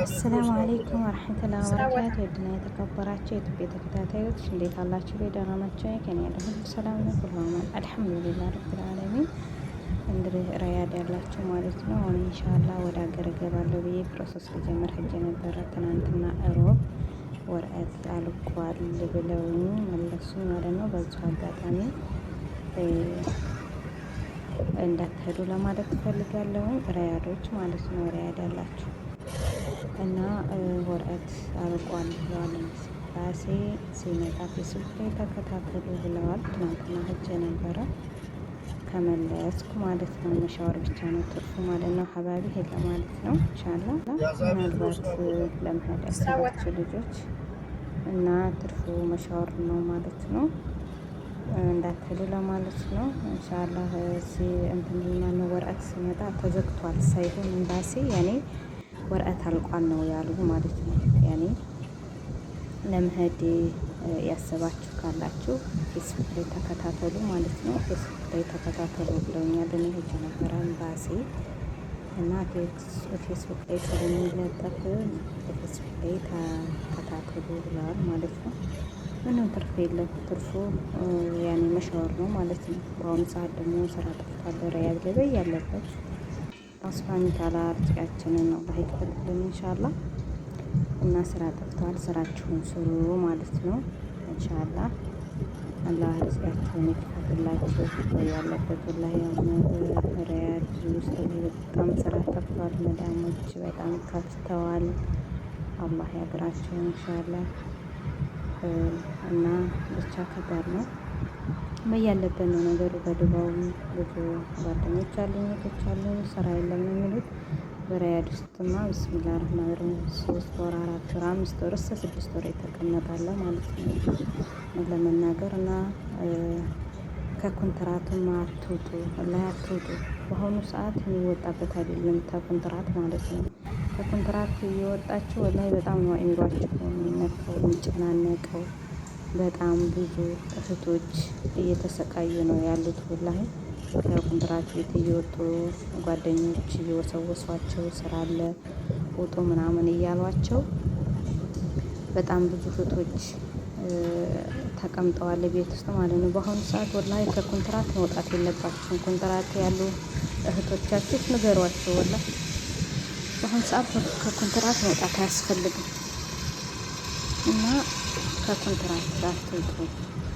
አሰላሙ አለይኩም ወረሕመቱላሂ ወበረካቱህ። ውድና የተከበራችሁ የኢትዮጵያ ተከታታዮች እንዴት አላችሁ? ደህና ናቸው። ከኔ ያለ ሁሉ ሰላም ነው፣ ሁሉ አልሐምዱሊላህ ረብል ዓለሚን። እንግዲህ ራያድ ያላችሁ ማለት ነው። አሁን ኢንሻአላህ ወደ ሀገር እገባለሁ ብዬ ፕሮሰስ ልጀምር ሄጄ ነበረ ትናንትና እሮብ ወረቀት አልቋል ብለው መለሱ ማለት ነው። በዚሁ አጋጣሚ እንዳትሄዱ ለማለት ትፈልጋለሁ። ራያዶች ማለት ነው። ራያድ ያላችሁ እና ወረቀት አርቋል ብለዋል። እንቅስቃሴ ሲመጣ ፌስቡክ ላይ ተከታተሉ ብለዋል። ትናንትና ህጅ ነበረ ከመለስኩ ማለት ነው። መሻወር ብቻ ነው ትርፉ ማለት ነው። ሀባቢ ሄለ ማለት ነው። ኢንሻላ ምናልባት ለመሄድ ያሰባችሁ ልጆች እና ትርፉ መሻወር ነው ማለት ነው። እንዳትሉ ለማለት ነው። ኢንሻላ እንትን ወረቀት ሲመጣ ተዘግቷል ሳይሆን ኤምባሲ ያኔ ወረቀት አልቋል ነው ያሉ ማለት ነው። ያኔ ለመሄድ ያሰባችሁ ካላችሁ ፌስቡክ ላይ ተከታተሉ ማለት ነው። ፌስቡክ ላይ ተከታተሉ ብለውኛል። እኔ ነበረ ኤምባሲ እና ፌስቡክ ላይ ስለሚለጠፍ በፌስቡክ ላይ ተከታተሉ ብለዋል ማለት ነው። ምንም ትርፍ የለም። ትርፉ ያኔ መሻወር ነው ማለት ነው። በአሁኑ ሰዓት ደግሞ ስራ ጠፍቷል። ሪያድ ገበይ ያለበት ስብሃኑ ተዓላ ነው አላህ ይክፈልልን እንሻላ። እና ስራ ጠፍቷል፣ ስራችሁን ስሩ ማለት ነው እንሻላ። አላህ ርዝቃችሁን ይክፈልላችሁ። ያለበት ወላሂ ሪያድ ውስጥ በጣም ስራ ጠፍቷል። መዳሞች በጣም ከፍተዋል። አላህ ያግራቸው እንሻላ። እና ብቻ ከባድ ነው። በያለበት ነው ነገሩ። በዱባው ብዙ ጓደኞች አሉ፣ እህቶች አሉ፣ ስራ የለም ነው የሚሉት። በሪያድ ውስጥማ ብስሚላ ረህማን ረሂም ሶስት ወር አራት ወር አምስት ወር እስከ ስድስት ወር የተቀመጣለ ማለት ነው ለመናገር እና ከኮንትራቱም አትውጡ ላይ አትውጡ። በአሁኑ ሰዓት የሚወጣበት አይደለም ከኮንትራት ማለት ነው። ከኮንትራት እየወጣችሁ ላይ በጣም ነው አእምሯችሁ የሚነካው የሚጨናነቀው በጣም ብዙ እህቶች እየተሰቃዩ ነው ያሉት። ወላሂ ከኮንትራት ቤት እየወጡ ጓደኞች እየወሰወሷቸው ስራ አለ ውጡ ምናምን እያሏቸው በጣም ብዙ እህቶች ተቀምጠዋል ቤት ውስጥ ማለት ነው። በአሁኑ ሰዓት ወላሂ ከኮንትራት መውጣት የለባቸውም። ኮንትራት ያሉ እህቶቻችሁ ንገሯቸው። ወላሂ በአሁኑ ሰዓት ከኮንትራት መውጣት አያስፈልግም እና ከኮንትራት ሳትወጡ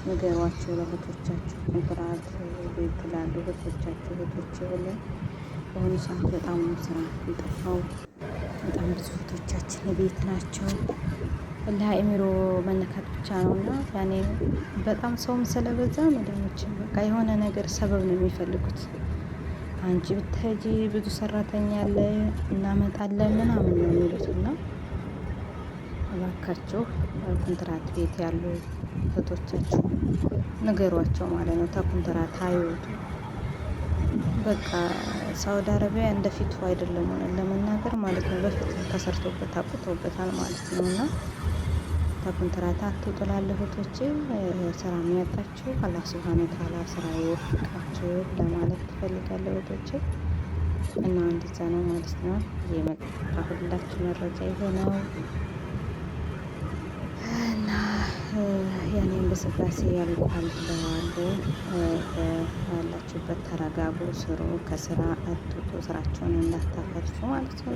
ንገሯቸው ለእህቶቻችሁ። ኮንትራት ይላሉ እህቶቻችሁ። እህቶች ሁሉ በአሁኑ ሰዓት በጣም ነው ስራ የጠፋው። በጣም ብዙ እህቶቻችን ቤት ናቸው። ለአእምሮ መነካት ብቻ ነው እና ያኔ በጣም ሰውም ስለበዛ መደሞች በቃ የሆነ ነገር ሰበብ ነው የሚፈልጉት። አንቺ ብትሄጂ ብዙ ሰራተኛ አለ እናመጣለን ምናምን ነው የሚሉት እና እባካችሁ ኮንትራት ቤት ያሉ እህቶቻችሁ ንገሯቸው ማለት ነው። ተኮንትራት አይወጡ። በቃ ሳውዲ አረቢያ እንደፊቱ አይደለም ለመናገር ማለት ነው። በፊት ተሰርቶበት ማለት ነው እና ተኮንትራት አትውጡ እህቶቼ። ስራ የሚያጣችሁ አላህ ወተዓላ ስራ ይወፍቃችሁ ለማለት ትፈልጋለሁ እህቶቼ እና እንደዛ ነው ማለት ነው የመጣሁላችሁ መረጃ የሆነው። ያኔ እንቅስቃሴ ያልቋል ብለዋል። ያላችሁበት ተረጋጉ፣ ስሩ፣ ከስራ አትውጡ፣ ስራቸውን እንዳታፈርሱ ማለት ነው።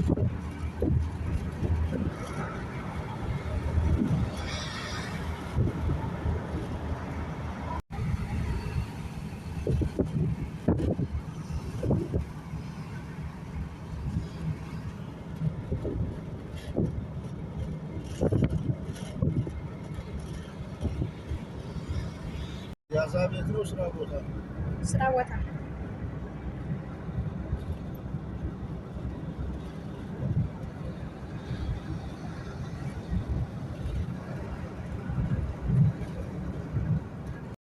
Ja sobie różna woda. Stała